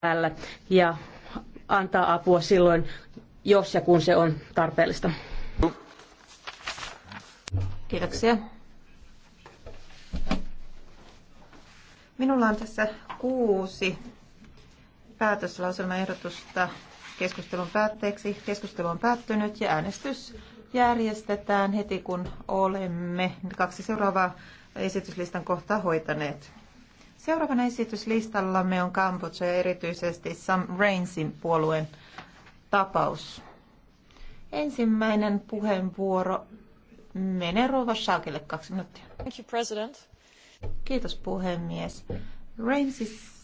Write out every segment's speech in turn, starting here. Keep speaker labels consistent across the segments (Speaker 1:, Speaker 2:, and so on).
Speaker 1: päällä ja antaa apua silloin, jos ja kun se on tarpeellista.
Speaker 2: Kiitoksia. Minulla on tässä kuusi päätöslauselmaehdotusta keskustelun päätteeksi. Keskustelu on päättynyt ja äänestys järjestetään heti, kun olemme kaksi seuraavaa esityslistan kohtaa hoitaneet. Seuraavana esityslistallamme on Kambodža ja erityisesti Sam Rainsin puolueen tapaus. Ensimmäinen puheenvuoro menee Rouva Shaakille kaksi minuuttia. Thank you, President. Kiitos puhemies. Rainsissa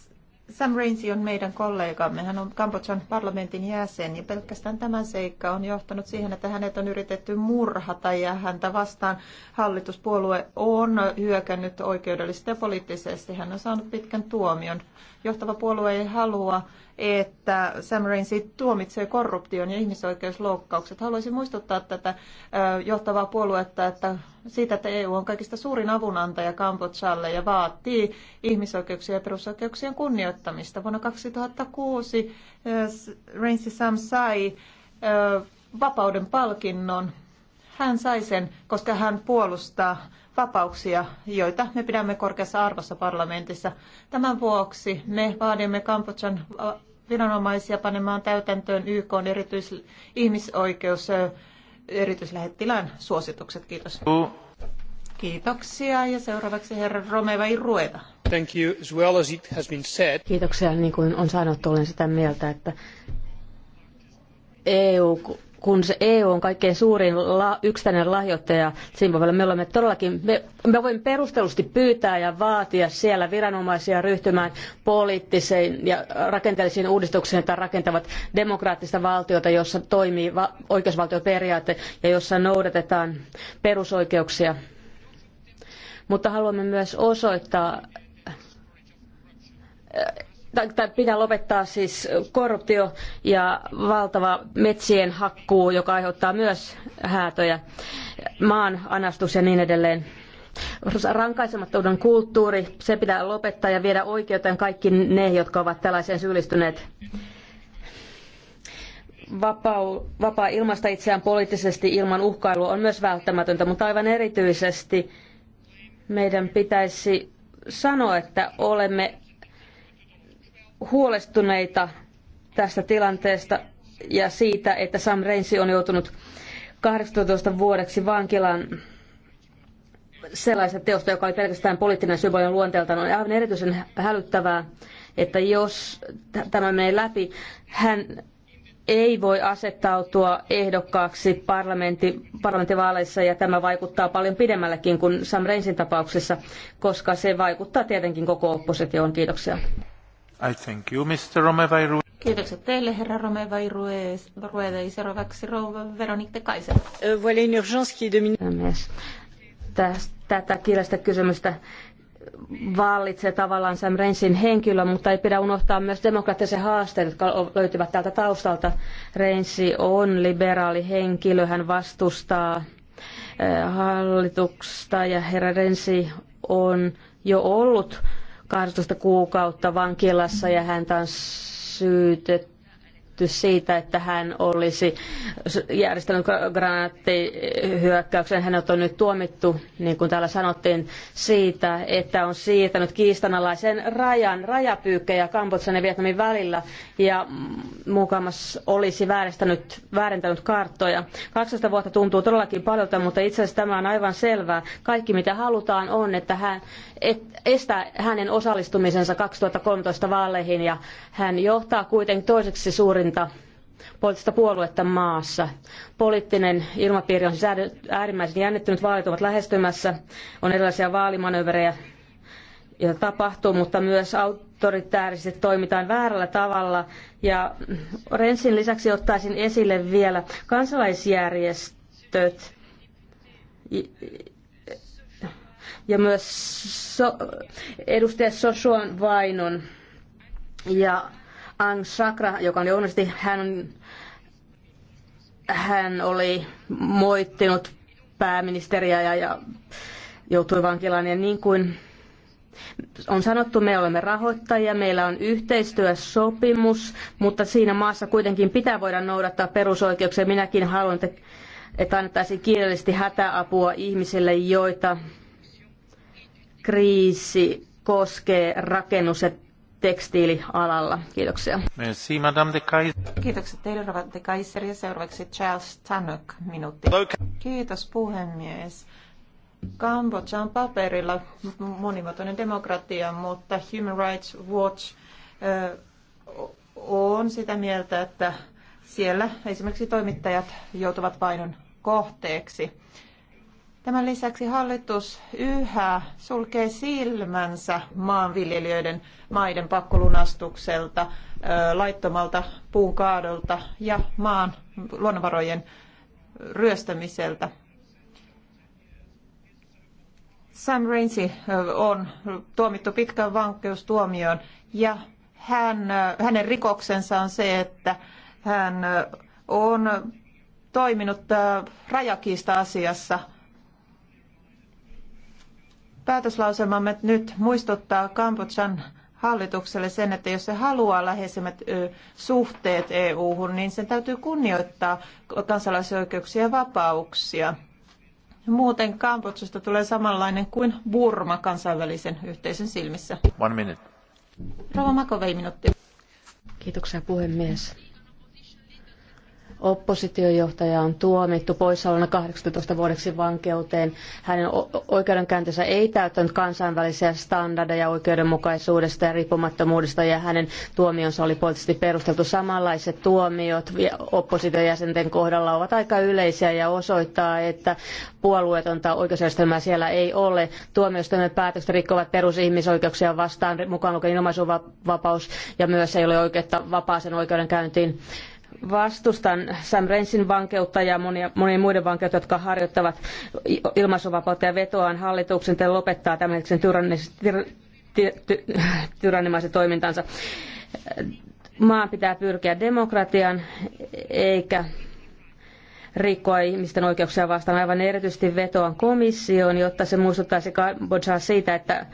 Speaker 2: Sam Rainsi on meidän kollegamme. Hän on Kambodjan parlamentin jäsen ja pelkästään tämä seikka on johtanut siihen, että hänet on yritetty murhata ja häntä vastaan hallituspuolue on hyökännyt oikeudellisesti ja poliittisesti. Hän on saanut pitkän tuomion. Johtava puolue ei halua, että Sam Rainsi tuomitsee korruption ja ihmisoikeusloukkaukset. Haluaisin muistuttaa tätä johtavaa puoluetta että siitä, että EU on kaikista suurin avunantaja Kambodžalle ja vaatii ihmisoikeuksien ja perusoikeuksien kunnioittamista. Vuonna 2006 Rainsi Sam sai vapauden palkinnon. Hän sai sen, koska hän puolustaa vapauksia, joita me pidämme korkeassa arvossa parlamentissa. Tämän vuoksi me vaadimme Kambodjan viranomaisia panemaan täytäntöön YK erityis- ihmisoikeus erityislähettilään suositukset. Kiitos. Kiitoksia ja seuraavaksi herra Romeva Irueta. Thank you. As well as it has been said.
Speaker 1: Kiitoksia. Niin kuin on sanottu, olen sitä mieltä, että EU kun se EU on kaikkein suurin la, yksittäinen lahjoittaja Zimbabwelle, me olemme todellakin, me, me voimme perustellusti pyytää ja vaatia siellä viranomaisia ryhtymään poliittisiin ja rakenteellisiin uudistuksiin, jotka rakentavat demokraattista valtiota, jossa toimii va, oikeusvaltioperiaate ja jossa noudatetaan perusoikeuksia. Mutta haluamme myös osoittaa tai pitää lopettaa siis korruptio ja valtava metsien hakkuu, joka aiheuttaa myös häätöjä, maan anastus ja niin edelleen. Rankaisemattomuuden kulttuuri, se pitää lopettaa ja viedä oikeuteen kaikki ne, jotka ovat tällaiseen syyllistyneet. Vapau, vapaa ilmaista itseään poliittisesti ilman uhkailua on myös välttämätöntä, mutta aivan erityisesti meidän pitäisi sanoa, että olemme huolestuneita tästä tilanteesta ja siitä, että Sam Reinsi on joutunut 18 vuodeksi vankilaan sellaista teosta, joka oli pelkästään poliittinen symbolinen luonteeltaan. On aivan erityisen hälyttävää, että jos tämä menee läpi, hän ei voi asettautua ehdokkaaksi parlamentti, parlamenttivaaleissa ja tämä vaikuttaa paljon pidemmällekin kuin Sam Reinsin tapauksessa, koska se vaikuttaa tietenkin koko oppositioon. Kiitoksia.
Speaker 3: I thank you, Mr. Romevairu.
Speaker 2: Kiitokset teille, herra Romevairueda, ja seuraavaksi rouva Veronique Kaisen. Euh, voilà une urgence
Speaker 1: qui est dominante. Tätä kielestä kysymystä vallitsee tavallaan Sam Rensin henkilö, mutta ei pidä unohtaa myös demokraattisia haasteita, jotka löytyvät täältä taustalta. Rensi on liberaali henkilö, hän vastustaa eh, hallitusta ja herra Rensi on jo ollut 12 kuukautta vankilassa ja häntä on syytetty syytetty siitä, että hän olisi järjestänyt granaattihyökkäyksen. Hänet on nyt tuomittu, niin kuin täällä sanottiin, siitä, että on siirtänyt kiistanalaisen rajan, rajapyykkejä Kambodsan ja Vietnamin välillä ja mukamas olisi vääristänyt, väärentänyt karttoja. 12 vuotta tuntuu todellakin paljolta, mutta itse asiassa tämä on aivan selvää. Kaikki mitä halutaan on, että hän et, estää hänen osallistumisensa 2013 vaaleihin ja hän johtaa kuitenkin toiseksi suurin suurinta poliittista puoluetta maassa. Poliittinen ilmapiiri on siis äärimmäisen jännittynyt, vaalit ovat lähestymässä, on erilaisia vaalimanöverejä, joita tapahtuu, mutta myös autoritäärisesti toimitaan väärällä tavalla. Ja Rensin lisäksi ottaisin esille vielä kansalaisjärjestöt ja myös so, edustaja Sosuan Vainon ja Ang Sakra, joka oli onnisti, hän, hän oli moittinut pääministeriä ja, ja joutui vankilaan. Ja niin kuin on sanottu, me olemme rahoittajia, meillä on yhteistyösopimus, mutta siinä maassa kuitenkin pitää voida noudattaa perusoikeuksia. Minäkin haluan, että, että annettaisiin kiireellisesti hätäapua ihmisille, joita kriisi koskee rakennus- ja tekstiilialalla. Kiitoksia.
Speaker 3: Merci, Madame de Kaiser.
Speaker 2: Kiitokset teille, Rova de Kaiser. Ja seuraavaksi Charles Tannock, minuutti. Kiitos, puhemies. Kambodža on paperilla monimuotoinen demokratia, mutta Human Rights Watch on sitä mieltä, että siellä esimerkiksi toimittajat joutuvat painon kohteeksi. Tämän lisäksi hallitus yhä sulkee silmänsä maanviljelijöiden maiden pakkolunastukselta, laittomalta puun kaadolta ja maan luonnonvarojen ryöstämiseltä. Sam Rainsy on tuomittu pitkään vankeustuomioon ja hän, hänen rikoksensa on se, että hän on toiminut rajakiista-asiassa – Päätöslauselmamme nyt muistuttaa Kambodjan hallitukselle sen, että jos se haluaa läheisemmät suhteet EU-hun, niin sen täytyy kunnioittaa kansalaisoikeuksia ja vapauksia. Muuten Kambodsasta tulee samanlainen kuin Burma kansainvälisen yhteisön silmissä. One minute. Rova Makovei, minuutti.
Speaker 1: Kiitoksia puhemies. Oppositiojohtaja on tuomittu poissaolona 18 vuodeksi vankeuteen. Hänen oikeudenkäyntinsä ei täyttänyt kansainvälisiä standardeja oikeudenmukaisuudesta ja riippumattomuudesta ja hänen tuomionsa oli poliittisesti perusteltu. Samanlaiset tuomiot oppositiojäsenten kohdalla ovat aika yleisiä ja osoittaa, että puolueetonta oikeusjärjestelmää siellä ei ole. Tuomioistuimen päätökset rikkovat perusihmisoikeuksia vastaan, mukaan lukien ilmaisuvapaus ja myös ei ole oikeutta vapaaseen oikeudenkäyntiin. Vastustan Sam Rensin vankeutta ja monia, monien muiden vankeutta, jotka harjoittavat ilmaisuvapautta ja vetoaan hallituksen tai lopettaa tämän tyrannimaisen toimintansa. Maan pitää pyrkiä demokratian eikä rikkoa ihmisten oikeuksia vastaan. Aivan erityisesti vetoan komissioon, jotta se muistuttaisi Kambodžaa siitä, että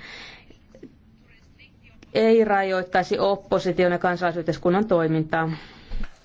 Speaker 1: ei rajoittaisi opposition ja kansalaisyhteiskunnan toimintaa.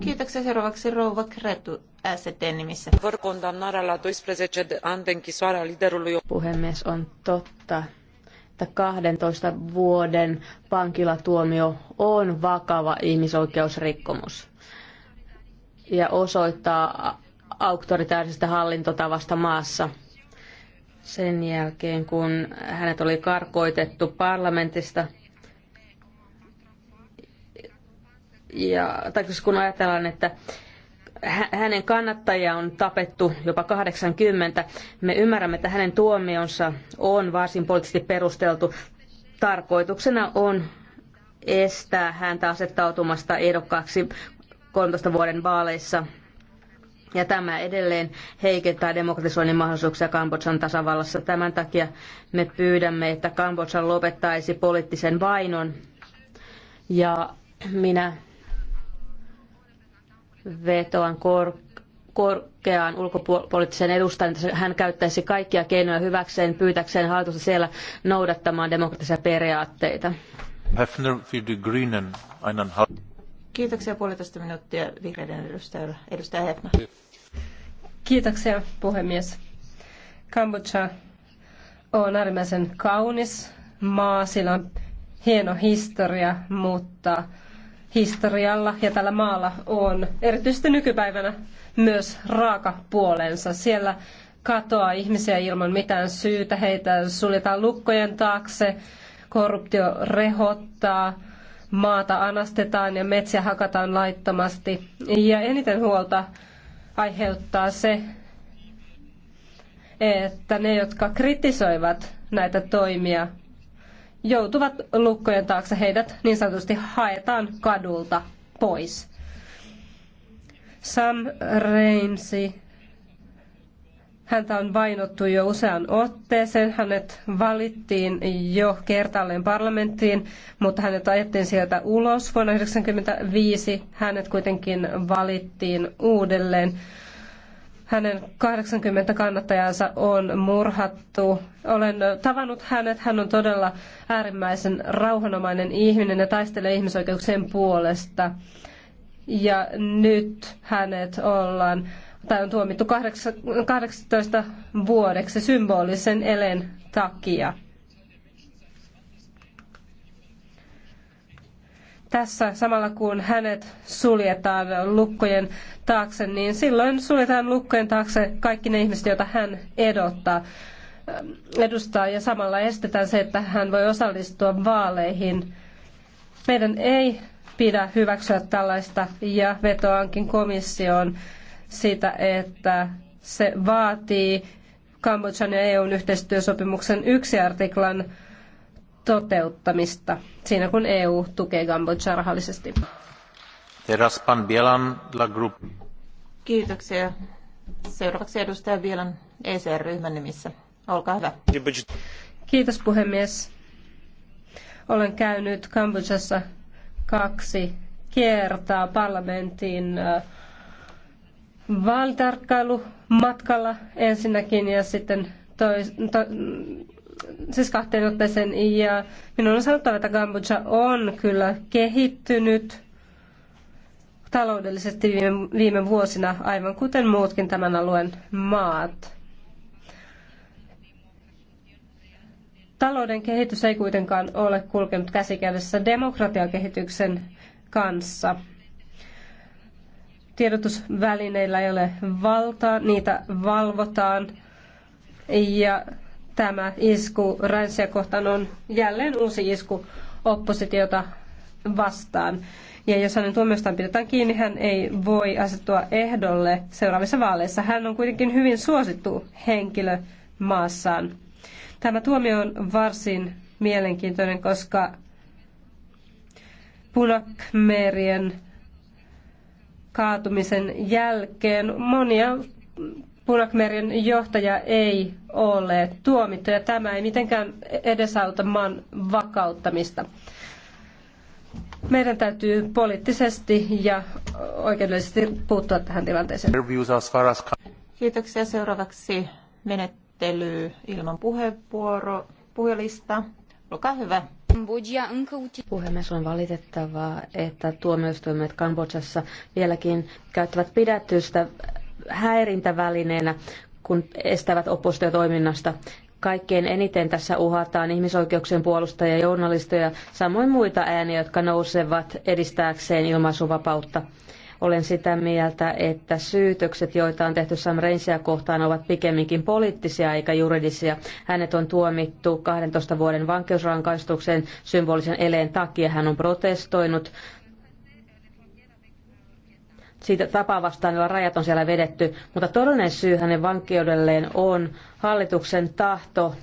Speaker 2: Kiitoksia seuraavaksi Rouva Kretu ST nimissä. Vorkondan condamnarea
Speaker 4: 12 de ani de liderului...
Speaker 1: Puhemies, on totta, että 12 vuoden pankilatuomio on vakava ihmisoikeusrikkomus ja osoittaa auktoritaarisesta hallintotavasta maassa. Sen jälkeen, kun hänet oli karkoitettu parlamentista – ja, tai siis kun ajatellaan, että hänen kannattajia on tapettu jopa 80. Me ymmärrämme, että hänen tuomionsa on varsin poliittisesti perusteltu. Tarkoituksena on estää häntä asettautumasta ehdokkaaksi 13 vuoden vaaleissa. Ja tämä edelleen heikentää demokratisoinnin mahdollisuuksia Kambodsan tasavallassa. Tämän takia me pyydämme, että Kambodsa lopettaisi poliittisen vainon. Ja minä vetoan kor- korkeaan ulkopoliittiseen edustajan, hän käyttäisi kaikkia keinoja hyväkseen, pyytäkseen hallitusta siellä noudattamaan demokratisia
Speaker 2: periaatteita. Kiitoksia
Speaker 3: puolitoista minuuttia vihreiden edustajalle. Edustaja Hefner. Kiitoksia puhemies. Kambodža on äärimmäisen kaunis maa, sillä on hieno historia, mutta historialla ja tällä maalla on, erityisesti nykypäivänä, myös raaka puolensa. Siellä katoaa ihmisiä ilman mitään syytä, heitä suljetaan lukkojen taakse, korruptio rehottaa, maata anastetaan ja metsiä hakataan laittomasti. Ja eniten huolta aiheuttaa se, että ne, jotka kritisoivat näitä toimia, joutuvat lukkojen taakse. Heidät niin sanotusti haetaan kadulta pois. Sam Reinsi, häntä on vainottu jo usean otteeseen. Hänet valittiin jo kertaalleen parlamenttiin, mutta hänet ajettiin sieltä ulos. Vuonna 1995 hänet kuitenkin valittiin uudelleen hänen 80 kannattajansa on murhattu. Olen tavannut hänet. Hän on todella äärimmäisen rauhanomainen ihminen ja taistelee ihmisoikeuksien puolesta. Ja nyt hänet ollaan tai on tuomittu 18 vuodeksi symbolisen elen takia. tässä samalla kun hänet suljetaan lukkojen taakse, niin silloin suljetaan lukkojen taakse kaikki ne ihmiset, joita hän edottaa, ähm, edustaa ja samalla estetään se, että hän voi osallistua vaaleihin. Meidän ei pidä hyväksyä tällaista ja vetoankin komissioon sitä, että se vaatii kambodžan ja EUn yhteistyösopimuksen yksi artiklan toteuttamista siinä, kun EU tukee Kambodžaa rahallisesti. Teraspan Bielan la Group. Kiitoksia. Seuraavaksi edustaja Bielan ECR-ryhmän nimissä. Olkaa hyvä. Kiitos puhemies. Olen käynyt Kambodžassa kaksi kertaa parlamentin vaalitarkkailumatkalla ensinnäkin ja sitten tois, to, siis kahteen otteeseen, ja minun on sanottava, että Kambodža on kyllä kehittynyt taloudellisesti viime, viime vuosina, aivan kuten muutkin tämän alueen maat. Talouden kehitys ei kuitenkaan ole kulkenut käsikädessä demokratiakehityksen kanssa. Tiedotusvälineillä ei ole valtaa, niitä valvotaan ja tämä isku Ransia kohtaan on jälleen uusi isku oppositiota vastaan. Ja jos hänen tuomiostaan pidetään kiinni, hän ei voi asettua ehdolle seuraavissa vaaleissa. Hän on kuitenkin hyvin suosittu henkilö maassaan. Tämä tuomio on varsin mielenkiintoinen, koska punakmerien kaatumisen jälkeen monia Punakmerin johtaja ei ole tuomittu ja tämä ei mitenkään edesauta maan vakauttamista. Meidän täytyy poliittisesti ja oikeudellisesti puuttua tähän tilanteeseen. Kiitoksia. Seuraavaksi
Speaker 2: menettely ilman puheenvuoro, puhelista. Olkaa hyvä.
Speaker 1: Puhemies, on valitettavaa, että tuomioistuimet Kambodsassa vieläkin käyttävät pidätystä häirintävälineenä, kun estävät toiminnasta Kaikkein eniten tässä uhataan ihmisoikeuksien puolustajia, journalisteja, samoin muita ääniä, jotka nousevat edistääkseen ilmaisuvapautta. Olen sitä mieltä, että syytökset, joita on tehty Sam Rainsia kohtaan, ovat pikemminkin poliittisia eikä juridisia. Hänet on tuomittu 12 vuoden vankeusrankaistuksen symbolisen eleen takia. Hän on protestoinut siitä tapaa vastaan, jolla rajat on siellä vedetty. Mutta todellinen syy hänen vankeudelleen on hallituksen tahto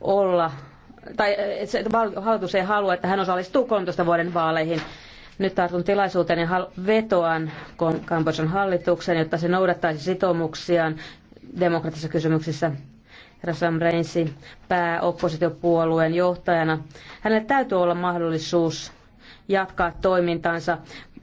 Speaker 1: olla, tai eh, se, hallitus ei halua, että hän osallistuu 13 vuoden vaaleihin. Nyt tartun tilaisuuteen ja vetoan Kambodjan hallituksen, jotta se noudattaisi sitoumuksiaan demokraattisissa kysymyksissä. Rasam Reinsi pääoppositiopuolueen johtajana. Hänellä täytyy olla mahdollisuus jatkaa toimintansa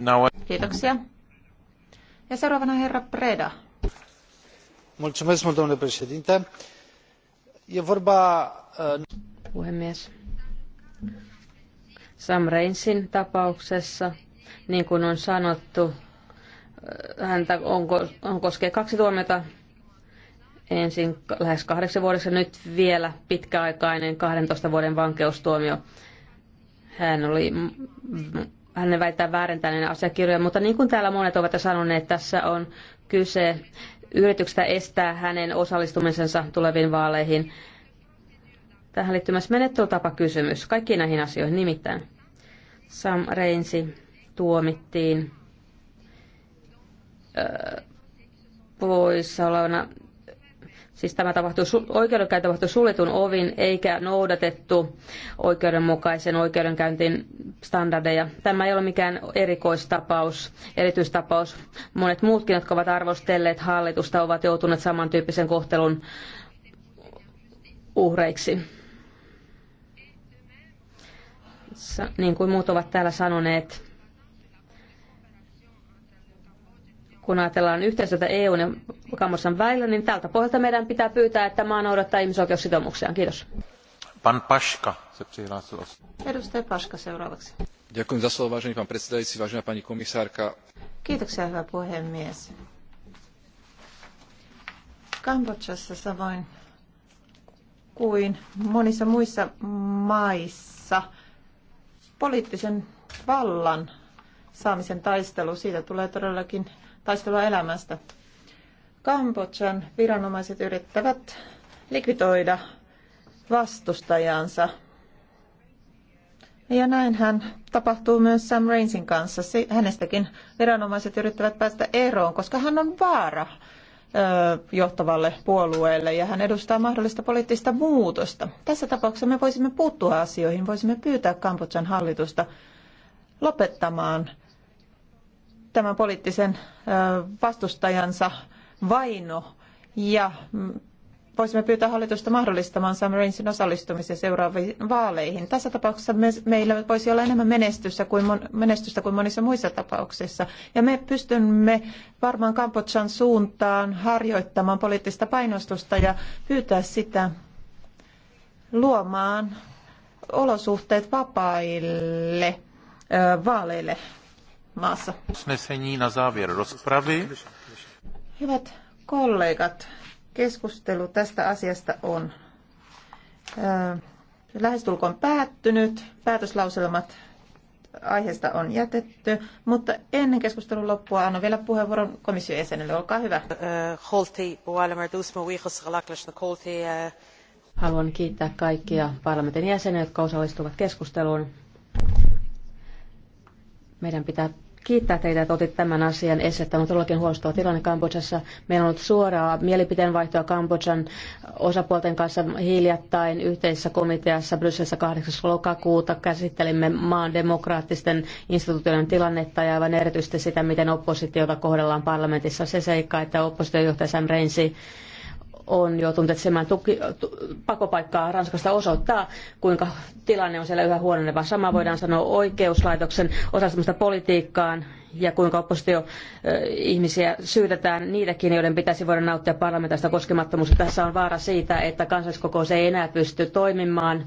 Speaker 3: Now
Speaker 2: Kiitoksia. Ja seuraavana herra Preda.
Speaker 3: Mulțumesc mult, domnule președinte.
Speaker 4: E vorba... Uh,
Speaker 2: Puhemies.
Speaker 1: Sam Reinsin tapauksessa, niin kuin on sanottu, äh, häntä on, on koskee kaksi tuomiota ensin lähes kahdeksan vuodessa, nyt vielä pitkäaikainen 12 vuoden vankeustuomio. Hän oli hän väittää väärentäneen asiakirjoja, mutta niin kuin täällä monet ovat jo sanoneet, tässä on kyse yrityksestä estää hänen osallistumisensa tuleviin vaaleihin. Tähän liittyy myös kysymys. kaikkiin näihin asioihin nimittäin. Sam Reinsi tuomittiin öö, poissa olevana Siis tämä tapahtui, oikeudenkäynti tapahtui suljetun ovin eikä noudatettu oikeudenmukaisen oikeudenkäyntin standardeja. Tämä ei ole mikään erikoistapaus, erityistapaus. Monet muutkin, jotka ovat arvostelleet hallitusta, ovat joutuneet samantyyppisen kohtelun uhreiksi. Niin kuin muut ovat täällä sanoneet, kun ajatellaan yhteistyötä EUn ja Kamossan välillä, niin tältä pohjalta meidän pitää pyytää, että maa noudattaa ihmisoikeussitoumuksiaan. Kiitos.
Speaker 2: Pan Paška se Edustaja Paška seuraavaksi. Ďakujem za slovo, vážený pán predsedajúci, vážená pani komisárka. Kiitoksia, hyvä puhemies. Kambodžassa samoin kuin monissa muissa maissa poliittisen vallan saamisen taistelu, siitä tulee todellakin taistelua elämästä. Kambodjan viranomaiset yrittävät likvidoida vastustajansa. Ja näin hän tapahtuu myös Sam Rainsin kanssa. Hänestäkin viranomaiset yrittävät päästä eroon, koska hän on vaara johtavalle puolueelle ja hän edustaa mahdollista poliittista muutosta. Tässä tapauksessa me voisimme puuttua asioihin, voisimme pyytää Kambodjan hallitusta lopettamaan tämän poliittisen vastustajansa vaino ja mm, voisimme pyytää hallitusta mahdollistamaan Sam Rainsin osallistumisen seuraaviin vaaleihin. Tässä tapauksessa me, meillä voisi olla enemmän menestystä kuin, menestystä kuin monissa muissa tapauksissa. Ja me pystymme varmaan Kambodjan suuntaan harjoittamaan poliittista painostusta ja pyytää sitä luomaan olosuhteet vapaille ö, vaaleille maassa. Hyvät kollegat, keskustelu tästä asiasta on lähestulkoon päättynyt. Päätöslauselmat aiheesta on jätetty, mutta ennen keskustelun loppua annan vielä puheenvuoron komission jäsenelle. Olkaa hyvä.
Speaker 1: Haluan kiittää kaikkia parlamentin jäseniä, jotka osallistuvat keskusteluun. Meidän pitää kiittää teitä, että otit tämän asian esille. Tämä on todellakin huolestuttava tilanne Kambodžassa. Meillä on ollut suoraa mielipiteenvaihtoa Kambodžan osapuolten kanssa hiljattain yhteisessä komiteassa Brysselissä 8. lokakuuta. Käsittelimme maan demokraattisten instituutioiden tilannetta ja aivan erityisesti sitä, miten oppositiota kohdellaan parlamentissa. Se seikka, että oppositiojohtaja Sam Reinsi on joutunut etsimään tuki, pakopaikkaa Ranskasta osoittaa, kuinka tilanne on siellä yhä huononeva. Sama voidaan sanoa oikeuslaitoksen osallistumista politiikkaan ja kuinka oppositio ihmisiä syytetään niitäkin, joiden pitäisi voida nauttia parlamentaista koskemattomuutta. Tässä on vaara siitä, että kansalliskokous ei enää pysty toimimaan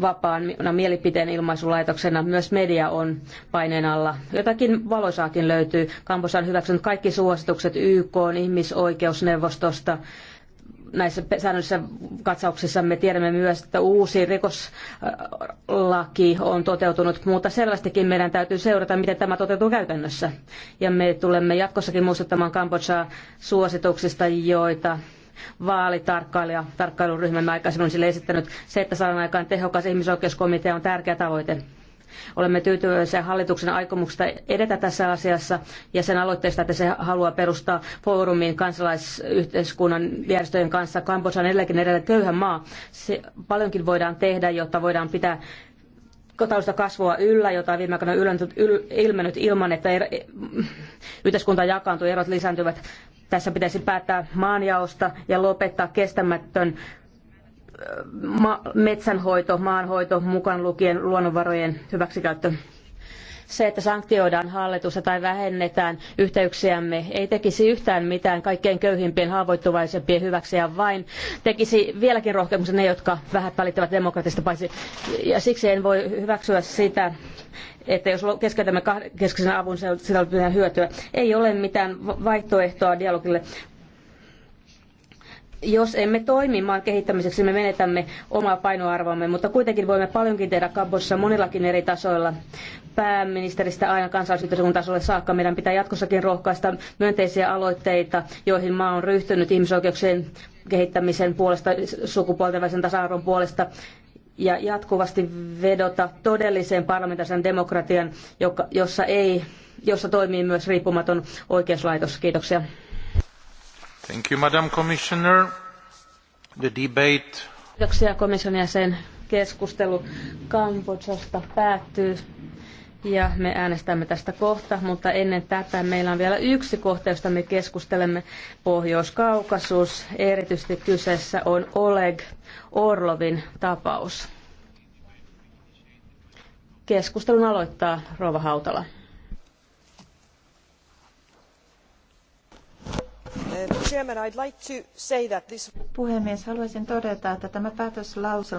Speaker 1: vapaana mielipiteen ilmaisulaitoksena myös media on paineen alla. Jotakin valoisaakin löytyy. Kampos on hyväksynyt kaikki suositukset YK ihmisoikeusneuvostosta. Näissä säännöllisissä katsauksissa me tiedämme myös, että uusi rikoslaki on toteutunut, mutta selvästikin meidän täytyy seurata, miten tämä toteutuu käytännössä. Ja me tulemme jatkossakin muistuttamaan Kambodžaa suosituksista, joita vaalitarkkailija tarkkailuryhmän aikaisemmin on sille esittänyt. Se, että saadaan aikaan tehokas ihmisoikeuskomitea on tärkeä tavoite. Olemme tyytyväisiä hallituksen aikomuksesta edetä tässä asiassa ja sen aloitteesta, että se haluaa perustaa foorumin kansalaisyhteiskunnan järjestöjen kanssa. Kambodža on edelläkin edellä köyhä maa. Se, paljonkin voidaan tehdä, jotta voidaan pitää taloudellista kasvua yllä, jota on viime aikoina ilmennyt ilman, että er- yhteiskunta jakaantuu, erot lisääntyvät. Tässä pitäisi päättää maanjaosta ja lopettaa kestämätön äh, metsänhoito, maanhoito, mukaan lukien luonnonvarojen hyväksikäyttö. Se, että sanktioidaan hallitusta tai vähennetään yhteyksiämme, ei tekisi yhtään mitään kaikkein köyhimpien, haavoittuvaisempien hyväksi ja vain tekisi vieläkin rohkeammin ne, jotka vähät välittävät demokratista paitsi. Ja siksi en voi hyväksyä sitä, että jos keskeytämme keskisen avun, se on, sitä on mitään hyötyä. Ei ole mitään vaihtoehtoa dialogille. Jos emme toimi maan kehittämiseksi, me menetämme omaa painoarvoamme, mutta kuitenkin voimme paljonkin tehdä Kambodžassa monillakin eri tasoilla pääministeristä aina kansalaisyhteiskunnan tasolle saakka. Meidän pitää jatkossakin rohkaista myönteisiä aloitteita, joihin maa on ryhtynyt ihmisoikeuksien kehittämisen puolesta, sukupuolten välisen tasa-arvon puolesta ja jatkuvasti vedota todelliseen parlamentaarisen demokratian, joka, jossa, ei, jossa toimii myös riippumaton oikeuslaitos. Kiitoksia.
Speaker 3: Thank you, Madam Commissioner.
Speaker 2: The debate...
Speaker 1: Kiitoksia komission jäsen. Keskustelu Kambodsasta päättyy ja me äänestämme tästä kohta, mutta ennen tätä meillä on vielä yksi kohta, josta me keskustelemme, Pohjois-Kaukasus. Erityisesti kyseessä on Oleg Orlovin tapaus. Keskustelun aloittaa Rova Hautala.
Speaker 4: Uh,
Speaker 2: Puhemies, haluaisin todeta, että tämä päätöslauselma